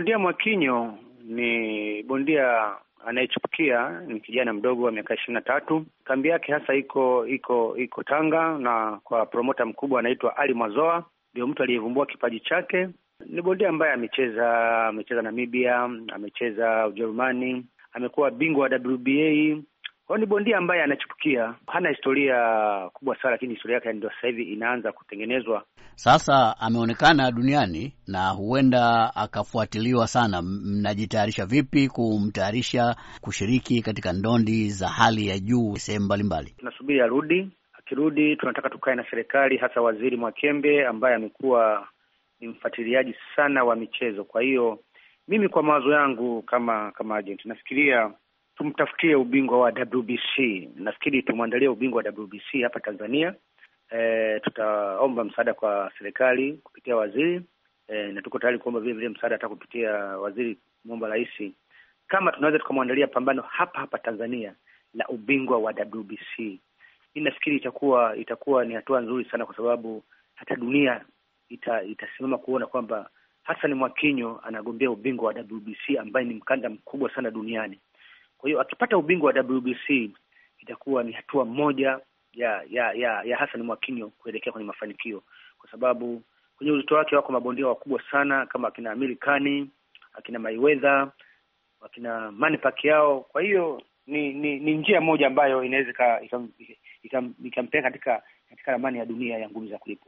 Bondia Mwakinyo ni bondia anayechupukia ni kijana mdogo wa miaka ishirini na tatu. Kambi yake hasa iko iko iko Tanga, na kwa promota mkubwa anaitwa Ali Mwazoa, ndio mtu aliyevumbua kipaji chake. Ni bondia ambaye amecheza amecheza Namibia, amecheza Ujerumani, amekuwa bingwa wa WBA ni bondia ambaye anachipukia, hana historia kubwa sana, lakini historia yake ndio sasa hivi inaanza kutengenezwa. Sasa ameonekana duniani na huenda akafuatiliwa sana. Mnajitayarisha vipi kumtayarisha kushiriki katika ndondi za hali ya juu sehemu mbalimbali? Tunasubiri arudi. Akirudi tunataka tukae na serikali, hasa Waziri Mwakembe ambaye amekuwa ni mfuatiliaji sana wa michezo. Kwa hiyo mimi, kwa mawazo yangu kama kama agent, nafikiria tumtafutie ubingwa wa WBC. Nafikiri tumwandalie ubingwa wa WBC hapa Tanzania. E, tutaomba msaada kwa serikali kupitia waziri e, na tuko tayari kuomba vile vile msaada hata kupitia waziri mwomba rais, kama tunaweza tukamwandalia pambano hapa hapa Tanzania la ubingwa wa WBC. Hii nafikiri itakuwa itakuwa ni hatua nzuri sana, kwa sababu hata dunia ita, itasimama kuona kwamba Hassan Mwakinyo anagombea ubingwa wa WBC ambaye ni mkanda mkubwa sana duniani. Kwa hiyo akipata ubingwa wa WBC itakuwa ni hatua moja ya ya ya, ya Hassan Mwakinyo kuelekea kwenye mafanikio, kwa sababu kwenye uzito wake wako mabondia wakubwa sana kama akina Amir Khan, akina Mayweather, akina Manny Pacquiao. Kwa hiyo ni, ni ni njia moja ambayo inaweza ikampeleka katika katika ramani ya dunia ya ngumi za kulipwa.